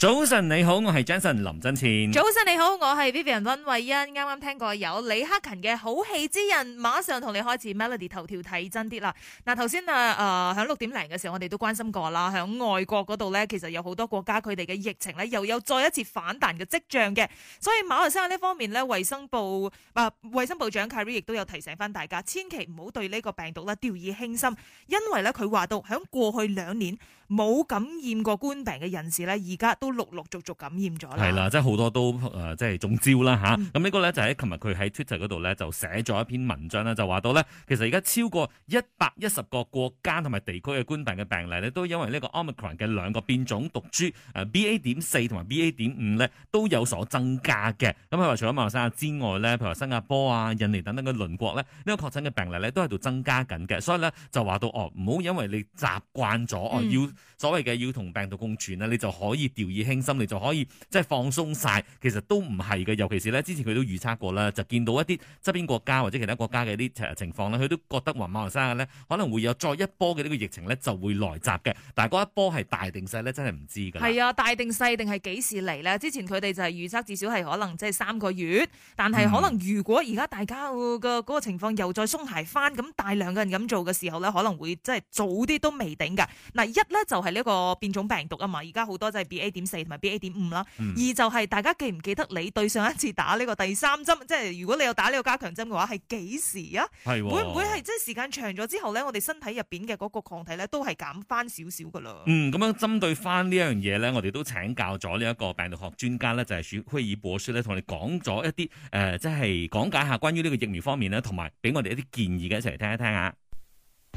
早晨，你好，我係 Jason 林真倩。早晨，你好，我係 Vivian 溫慧欣。啱啱聽過有李克勤嘅好戲之人，馬上同你開始 Melody 頭條睇真啲啦。嗱，頭先啊，誒，響六點零嘅時候，我哋都關心過啦。響外國嗰度呢，其實有好多國家佢哋嘅疫情咧，又有再一次反彈嘅跡象嘅。所以馬來西亞呢方面呢，衛生部啊、呃，衛生部長 Kerry 亦都有提醒翻大家，千祈唔好對呢個病毒咧掉以輕心，因為呢，佢話到響過去兩年。冇感染過冠病嘅人士咧，而家都陸陸續續感染咗啦。係啦，即係好多都、呃、即係中招啦。嚇咁，呢個咧就喺琴日佢喺 Twitter 嗰度咧就寫咗一篇文章啦，就話到咧，其實而家超過一百一十個國家同埋地區嘅冠病嘅病例咧，都因為呢個 Omicron 嘅兩個變種毒株，啊、BA 點四同埋 BA 點五咧都有所增加嘅。咁佢話除咗馬來西亞之外咧，譬如話新加坡啊、印尼等等嘅鄰國咧，呢、呢個確診嘅病例咧都喺度增加緊嘅。所以咧就話到哦，唔好因為你習慣咗哦要。嗯所謂嘅要同病毒共存呢，你就可以掉以輕心，你就可以即係放鬆晒。其實都唔係嘅。尤其是呢。之前佢都預測過啦，就見到一啲側邊國家或者其他國家嘅啲情況呢，佢都覺得話馬來西亞呢可能會有再一波嘅呢個疫情呢就會來襲嘅。但係嗰一波係大定細呢？真係唔知㗎。係啊，大定細定係幾時嚟呢？之前佢哋就係預測至少係可能即係三個月，但係可能如果而家大家個個情況又再鬆懈翻，咁大量嘅人咁做嘅時候呢，可能會即係早啲都未頂㗎。嗱一呢就係呢一個變種病毒啊嘛，而家好多就係 B A 點四同埋 B A 點五啦。二、嗯、就係大家記唔記得你對上一次打呢個第三針，即係如果你有打呢個加強針嘅話，係幾時啊？係、哦、會唔會係即係時間長咗之後咧，我哋身體入邊嘅嗰個抗體咧都係減翻少少噶啦。嗯，咁樣針對翻呢樣嘢咧，我哋都請教咗呢一個病毒學專家咧，就係許威爾博士咧，同我哋講咗一啲誒，即係講解下關於呢個疫苗方面啦，同埋俾我哋一啲建議嘅，一齊嚟聽一聽啊。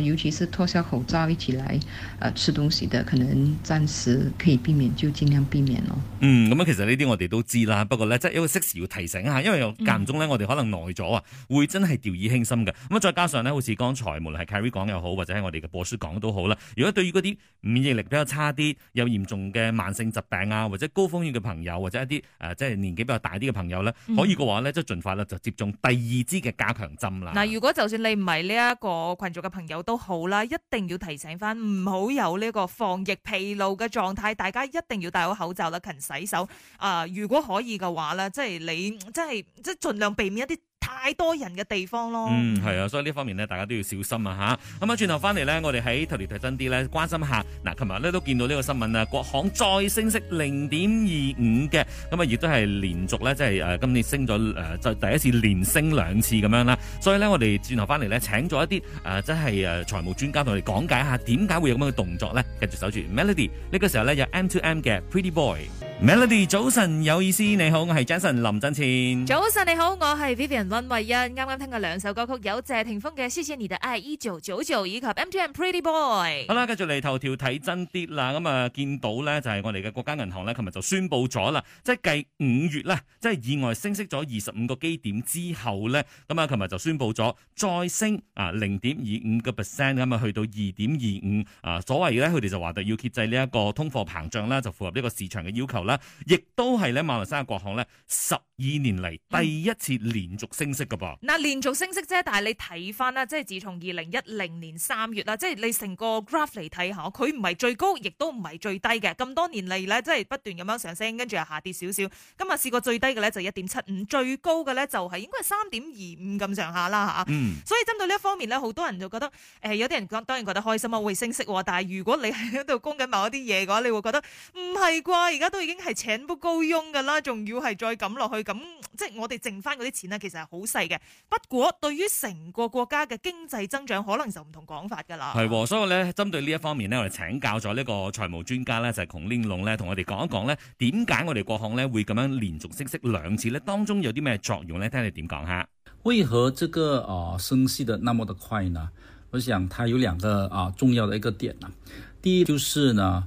尤其是脫下口罩一起來，誒，吃東西的可能暫時可以避免，就盡量避免咯。嗯，咁啊，其實呢啲我哋都知啦，不過咧，即係一個適時要提醒一下，因為有間中咧，我哋可能耐咗啊、嗯，會真係掉以輕心嘅。咁再加上咧，好似剛才無論係 Kerry 講又好，或者係我哋嘅波叔講都好啦。如果對於嗰啲免疫力比較差啲、有嚴重嘅慢性疾病啊，或者高風險嘅朋友，或者一啲誒、呃，即係年紀比較大啲嘅朋友咧，可以嘅話咧，即係盡快咧就接種第二支嘅加強針啦。嗱、嗯，如果就算你唔係呢一個群族嘅朋友，都好啦，一定要提醒返，唔好有呢個防疫疲勞嘅狀態。大家一定要戴好口罩啦，勤洗手啊、呃！如果可以嘅話咧，即係你，即係即係盡量避免一啲。太多人嘅地方咯，嗯係啊，所以呢方面呢，大家都要小心啊吓。咁啊，轉頭翻嚟呢，我哋喺頭條睇真啲呢，關心下。嗱、啊，琴日呢都見到呢個新聞啊，國行再升息零點二五嘅，咁啊，亦都係連續呢，即係誒，今年升咗誒、呃，就第一次連升兩次咁樣啦。所以呢，我哋轉頭翻嚟呢，請咗一啲誒、呃，真係誒，財務專家同我哋講解一下點解會有咁樣嘅動作呢。繼續守住 Melody，呢個時候呢，有 M to M 嘅 Pretty Boy。Melody 早晨有意思，你好，我係 Jason 林振前。早晨你好，我係 Vivian 温慧欣。啱啱聽過兩首歌曲，有謝霆鋒嘅《謝謝你的愛依舊》、一九九九，以及 M2M Pretty Boy。好啦，繼續嚟頭條睇真啲啦。咁啊，見到咧就係我哋嘅國家銀行咧，琴日就宣布咗啦，即係計五月啦，即係意外升息咗二十五個基點之後咧，咁啊，琴日就宣布咗再升啊零點二五個 percent，咁啊去到二點二五啊。所謂咧，佢哋就話就要遏制呢一個通貨膨脹啦，就符合呢個市場嘅要求啦。亦都係咧，馬來西亞國行咧，十二年嚟第一次連續升息噶噃。嗱、嗯，連續升息啫，但係你睇翻啦，即係自從二零一零年三月啦，即係你成個 graph 嚟睇下，佢唔係最高，亦都唔係最低嘅。咁多年嚟咧，即係不斷咁樣上升，跟住又下跌少少。今日試過最低嘅咧就一點七五，最高嘅咧就係應該係三點二五咁上下啦吓。所以針對呢一方面咧，好多人就覺得，誒、呃，有啲人當然覺得開心啊，會升息。但係如果你喺度供緊某一啲嘢嘅話，你會覺得唔係啩？而家都已經。係請不高佣噶啦，仲要係再咁落去，咁即係我哋剩翻嗰啲錢呢，其實係好細嘅。不過對於成個國家嘅經濟增長，可能就唔同講法噶啦。係、哦，所以咧，針對呢一方面呢，我哋請教咗呢個財務專家咧，就係、是、熊煉龍咧，同我哋講一講咧，點解我哋國行咧會咁樣連續升息兩次咧？當中有啲咩作用咧？聽你點講下？為何這個啊升息得那麼的快呢？我想它有兩個啊重要嘅一個點啦。第一就是呢。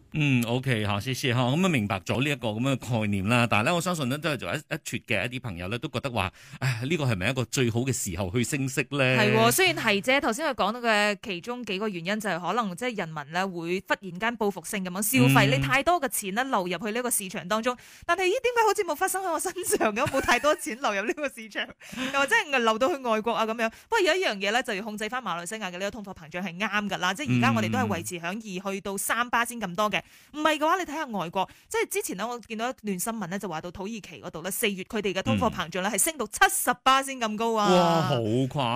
嗯，OK，謝謝，哈、嗯，咁啊明白咗呢一個咁嘅概念啦。但係咧，我相信呢都係做一一撮嘅一啲朋友咧，都覺得話，唉，呢、這個係咪一個最好嘅時候去升息咧？係、嗯，雖然係啫。頭先佢講到嘅其中幾個原因就係可能即係人民咧會忽然間報復性咁樣消費，你太多嘅錢咧流入去呢個市場當中。但係咦，點解好似冇發生喺我身上嘅？冇太多錢流入呢個市場，又 或者流到去外國啊咁樣。不過有一樣嘢咧，就要控制翻馬來西亞嘅呢個通貨膨脹係啱㗎啦。即係而家我哋都係維持響二去到三巴先咁多嘅。唔係嘅話，你睇下外國，即係之前咧，我見到一段新聞咧，就話到土耳其嗰度咧，四月佢哋嘅通貨膨脹率係升到七十巴仙咁高啊，嗯、哇，好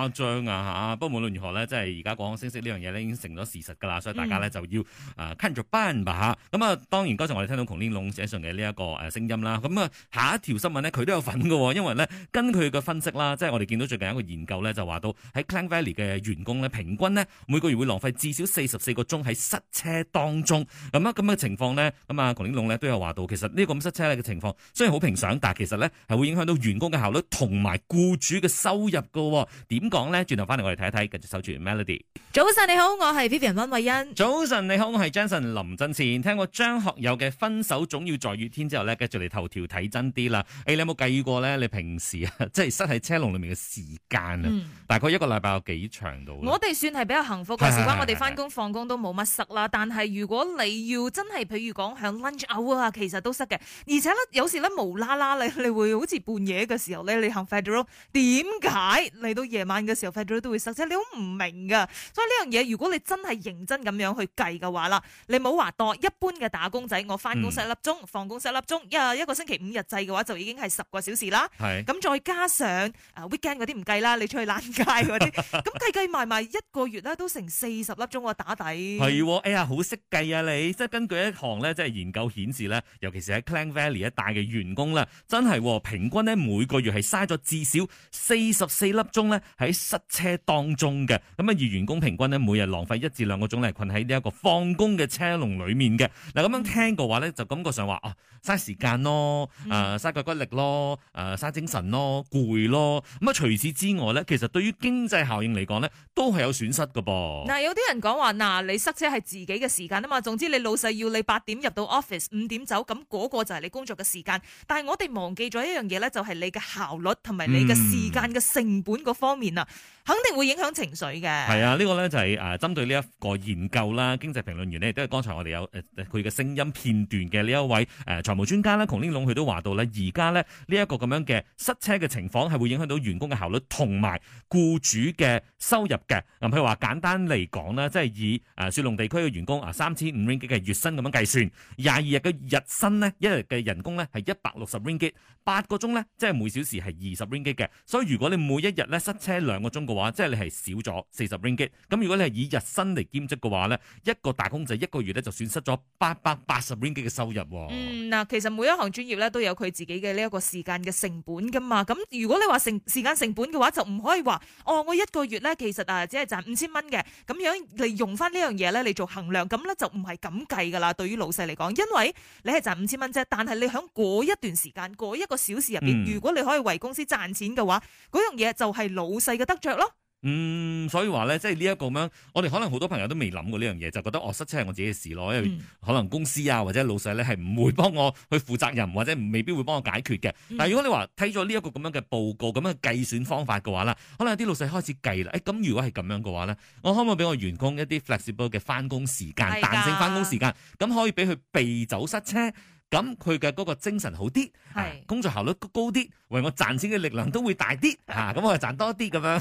誇張啊吓！不過無論如何咧，即係而家各方消息呢樣嘢咧已經成咗事實噶啦，所以大家咧就要啊 c o 著班吧吓。咁、嗯、啊、呃，當然嗰陣我哋聽到窮癲龍寫上嘅呢一個誒聲音啦。咁啊，下一條新聞呢，佢都有份嘅，因為呢，根據佢嘅分析啦，即係我哋見到最近一個研究咧就話到喺 Klang Valley 嘅員工咧平均呢，每個月會浪費至少四十四個鐘喺塞車當中咁啊。嗯咁嘅情況呢，咁啊，黃鷹龍咧都有話到，其實呢個咁塞車嘅情況雖然好平常，但係其實呢係會影響到員工嘅效率，同埋僱主嘅收入嘅、哦。點講呢？轉頭翻嚟我哋睇一睇，繼續守住 Melody。早晨你好，我係 Vivian 温慧欣。早晨你好，我係 Jason 林振賢。聽過張學友嘅《分手總要在雨天》之後呢，繼續嚟頭條睇真啲啦、欸。你有冇計過呢？你平時啊，即係塞喺車龍裡面嘅時間啊、嗯，大概一個禮拜有幾長度？我哋算係比較幸福嘅，事 關我哋翻工放工都冇乜塞啦。但係如果你要真係，譬如講喺 lunch hour 啊，其實都塞嘅。而且咧，有時咧無啦啦你，你會好似半夜嘅時候咧，你行 federal，點解嚟到夜晚嘅時候 federal 都會塞？即係你好唔明噶。所以呢樣嘢，如果你真係認真咁樣去計嘅話啦，你唔好話多。一般嘅打工仔，我翻工使一粒鐘，放工使一粒鐘，一一個星期五日制嘅話，就已經係十個小時啦。係。咁再加上、呃、weekend 嗰啲唔計啦，你出去爛街嗰啲，咁計計埋埋一個月咧都成四十粒鐘啊打底。係，哎呀，好識計啊你！即係。根據一項咧，即係研究顯示咧，尤其是喺 Klang Valley 一帶嘅員工咧，真係平均咧每個月係嘥咗至少四十四粒鐘咧喺塞車當中嘅。咁啊，而員工平均咧每日浪費一至兩個鐘咧，困喺呢一個放工嘅車龍裡面嘅。嗱，咁樣聽嘅話咧，就感覺上話啊，嘥時間咯，誒嘥腳骨力咯，誒、呃、嘥精神咯，攰咯。咁啊，除此之外咧，其實對於經濟效應嚟講咧，都係有損失㗎噃。嗱，有啲人講話，嗱，你塞車係自己嘅時間啊嘛，總之你老。就要你八點入到 office，五點走，咁、那、嗰個就係你工作嘅時間。但係我哋忘記咗一樣嘢呢，就係你嘅效率同埋你嘅時間嘅成本嗰方面、嗯肯定會影響情緒嘅。係啊，呢、這個咧就係誒針對呢一個研究啦。經濟評論員咧亦都係剛才我哋有誒佢嘅聲音片段嘅呢一位誒財務專家咧，同呢籠佢都話到咧，而家咧呢一個咁樣嘅塞車嘅情況係會影響到員工嘅效率，同埋雇主嘅收入嘅。咁譬如話簡單嚟講啦，即係以誒雪隆地區嘅員工啊三千五 ringgit 嘅月薪咁樣計算，廿二日嘅日薪咧一日嘅人工咧係一百六十 ringgit，八個鐘咧即係每小時係二十 ringgit 嘅。所以如果你每一日咧塞車兩個鐘嘅，話即係你係少咗四十 ringgit。咁如果你係以日薪嚟兼職嘅話咧，一個打工仔一個月咧就損失咗八百八十 ringgit 嘅收入。嗯，嗱，其實每一行專業咧都有佢自己嘅呢一個時間嘅成本噶嘛。咁如果你話成時間成本嘅話，就唔可以話哦，我一個月咧其實啊只係賺五千蚊嘅咁樣，你用翻呢樣嘢咧嚟做衡量，咁咧就唔係咁計噶啦。對於老細嚟講，因為你係賺五千蚊啫，但係你響嗰一段時間嗰一個小時入邊，如果你可以為公司賺錢嘅話，嗰樣嘢就係老細嘅得著咯。嗯，所以話咧，即係呢一個咁樣，我哋可能好多朋友都未諗過呢樣嘢，就覺得哦，塞車係我自己嘅事咯，因為可能公司啊或者老細咧係唔會幫我去負責任，或者未必會幫我解決嘅。但係如果你話睇咗呢一個咁樣嘅報告咁樣嘅計算方法嘅話啦，可能有啲老細開始計啦。誒、哎，咁如果係咁樣嘅話咧，我可唔可以俾我員工一啲 flexible 嘅翻工時間，彈性翻工時間，咁可以俾佢避走塞車？咁佢嘅嗰個精神好啲，係、啊、工作效率高啲，為我賺錢嘅力量都會大啲，嚇 咁、啊、我係賺多啲咁樣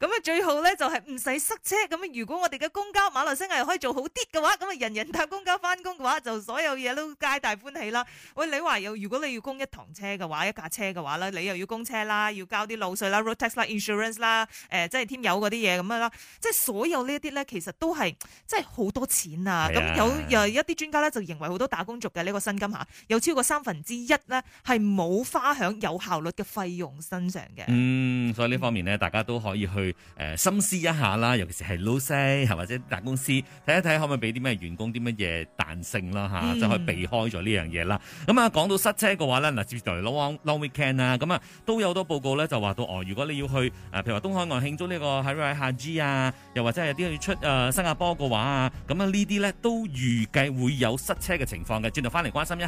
咁 啊最好咧就係唔使塞車，咁如果我哋嘅公交馬來西亞可以做好啲嘅話，咁啊人人搭公交翻工嘅話，就所有嘢都皆大歡喜啦。喂，你話又如果你要供一堂車嘅話，一架車嘅話咧，你又要供車啦，要交啲路稅啦、road tax 啦、insurance 啦，呃、即係添油嗰啲嘢咁樣啦，即係所有呢一啲咧，其實都係即係好多錢啊！咁、啊、有，有一啲專家咧就認為好多打工族嘅呢、呢個薪金。有超過三分之一呢，係冇花喺有效率嘅費用身上嘅。嗯，所以呢方面呢，大家都可以去誒深思一下啦，尤其是係老細，係或者大公司睇一睇可唔可以俾啲咩員工啲乜嘢彈性啦嚇，即、啊、可以避開咗呢樣嘢啦。咁啊，講到塞車嘅話呢，嗱，接住嚟 Long Long Weekend 啊，咁啊都有好多報告呢，就話到哦，如果你要去譬如話東海岸慶祝呢個 Hari Raya Haji 啊，又或者係有啲要出誒新加坡嘅話啊，咁啊呢啲呢，都預計會有塞車嘅情況嘅。轉頭翻嚟關心一下。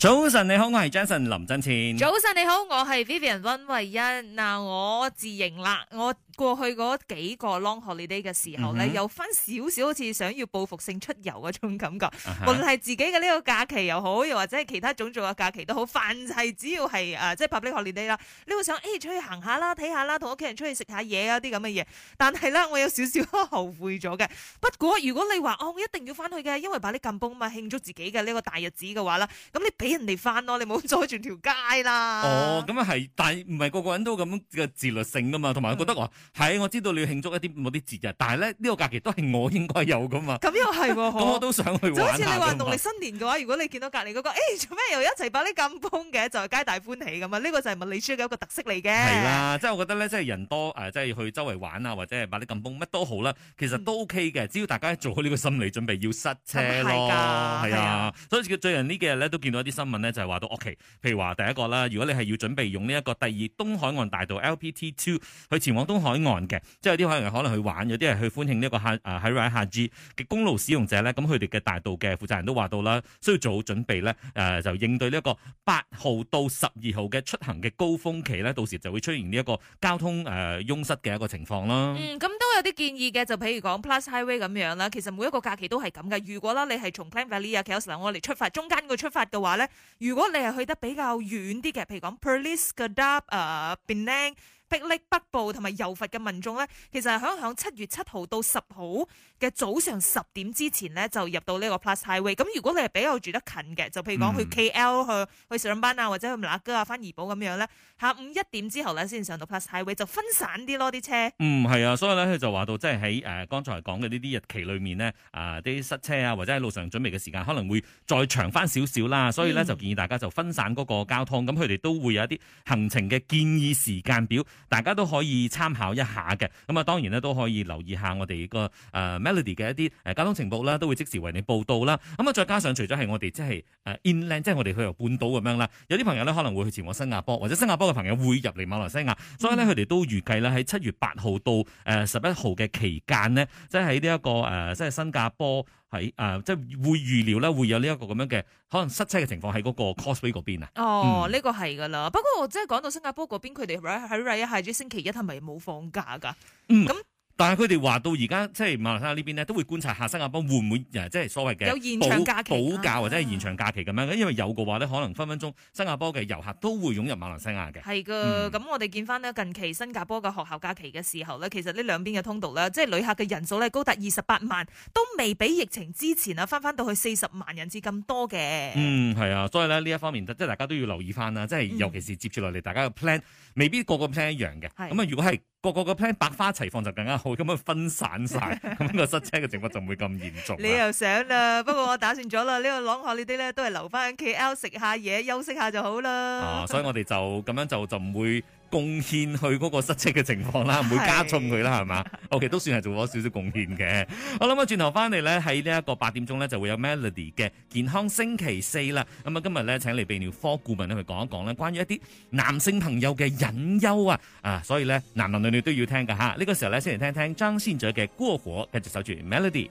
早晨，你好，我係 Jason 林振前。早晨，你好，我係 Vivian 溫慧欣。嗱，我自認啦，我過去嗰幾個 long holiday 嘅時候咧，mm -hmm. 有翻少少好似想要報復性出遊嗰種感覺。無論係自己嘅呢個假期又好，又或者係其他種種嘅假期都好，凡係只要係誒、呃、即係 public holiday 啦，你會想誒、欸、出去行下啦，睇下啦，同屋企人出去食下嘢啊啲咁嘅嘢。但係咧，我有少少後悔咗嘅。不過如果你話哦，我一定要翻去嘅，因為把啲咁煲啊嘛，慶祝自己嘅呢個大日子嘅話啦，咁你。俾人哋翻咯、啊，你冇阻住條街啦。哦，咁啊係，但係唔係個個人都咁嘅自律性噶嘛，同埋覺得話係、嗯哦，我知道你要慶祝一啲某啲節日，但係咧呢、這個假期都係我應該有噶嘛。咁又係，咁我都想去玩。就好似你話農曆新年嘅話，如果你見到隔離嗰、那個，誒做咩又一齊擺啲咁風嘅，就係皆大歡喜咁啊！呢、這個就係物理書嘅一個特色嚟嘅。係啦、啊，即係我覺得咧，即係人多誒、呃，即係去周圍玩啊，或者係擺啲咁風乜都好啦，其實都 OK 嘅、嗯，只要大家做好呢個心理準備，要塞車咯，係啊，啊，所以最近幾呢幾日咧都見到一啲。新聞咧就話、是、到，OK，譬如話第一個啦，如果你係要準備用呢一個第二東海岸大道 LPT Two 去前往東海岸嘅，即係有啲可能係可能去玩，有啲係去歡慶呢一個喺 r i h 下 G 嘅公路使用者呢。咁佢哋嘅大道嘅負責人都話到啦，需要做好準備呢，誒、呃、就應對呢一個八號到十二號嘅出行嘅高峰期呢，到時就會出現呢一個交通誒擁塞嘅一個情況啦。咁、嗯嗯、都有啲建議嘅，就譬如講 Plus Highway 咁樣啦，其實每一個假期都係咁嘅。如果啦你係從 Clam Valley 啊我哋出發，中間個出發嘅話咧。如果你係去得比較遠啲嘅，譬如講 Perlis 嘅 Kedah 誒 Benang。霹靂北部同埋柔佛嘅民眾咧，其實係響響七月七號到十號嘅早上十點之前咧，就入到呢個 Plus Highway。咁如果你係比較住得近嘅，就譬如講去 KL、嗯、去去上班啊，或者去馬六甲翻怡保咁樣咧，下午一點之後咧先上到 Plus Highway，就分散啲咯啲車。嗯，係啊，所以咧佢就話到，即係喺誒剛才講嘅呢啲日期裏面呢，啊啲塞車啊，或者喺路上準備嘅時間可能會再長翻少少啦。所以咧就建議大家就分散嗰個交通，咁佢哋都會有一啲行程嘅建議時間表。大家都可以參考一下嘅，咁啊當然咧都可以留意下我哋個誒 Melody 嘅一啲誒交通情報啦，都會即時為你報道啦。咁啊再加上除咗係我哋即係誒 inland，即係我哋去由半島咁樣啦，有啲朋友咧可能會去前往新加坡，或者新加坡嘅朋友會入嚟馬來西亞，所以咧佢哋都預計咧喺七月八號到誒十一號嘅期間呢，即係喺呢一個誒即係新加坡。喺、呃、即係會預料咧，會有呢一個咁樣嘅可能塞車嘅情況喺嗰個 Causeway 嗰邊啊。哦，呢、嗯這個係噶啦。不過即係講到新加坡嗰邊，佢哋喺喺下即係星期一係咪冇放假噶？嗯，咁、嗯。但係佢哋話到而家即係馬來西亞呢邊呢，都會觀察下新加坡會唔會即係所謂嘅有現場假期、補假或者係延長假期咁樣，啊。因為有嘅話呢，可能分分鐘新加坡嘅遊客都會湧入馬來西亞嘅。係噶，咁，嗯、我哋見翻近期新加坡嘅學校假期嘅時候呢，其實呢兩邊嘅通道呢，即係旅客嘅人數呢，高達二十八萬，都未比疫情之前啊，翻翻到去四十萬人次咁多嘅。嗯，係啊，所以呢，呢一方面即係大家都要留意翻啦，即係尤其是接住落嚟，大家嘅 plan、嗯、未必個個 plan 一樣嘅。咁啊，如果係。個個個 plan 百花齊放就更加好，咁樣分散晒，咁個塞車嘅情況就唔會咁嚴重。 你又想啦，不過我打算咗啦， 個呢個朗學呢啲咧都係留翻 KL 食下嘢、休息下就好啦。啊，所以我哋就咁樣就就唔會貢獻去嗰個塞車嘅情況啦，唔會加重佢啦，係嘛？O K 都算係做咗少少貢獻嘅。 我諗啊，轉頭翻嚟咧，喺呢一個八點鐘咧就會有 Melody 嘅健康星期四啦。咁啊，今日咧請嚟泌尿科顧問咧去講一講咧關於一啲男性朋友嘅隱憂啊，啊，所以咧男男女女都要聽噶吓。呢、這個時候咧先嚟聽聽張信哲嘅過火，跟住守住 Melody。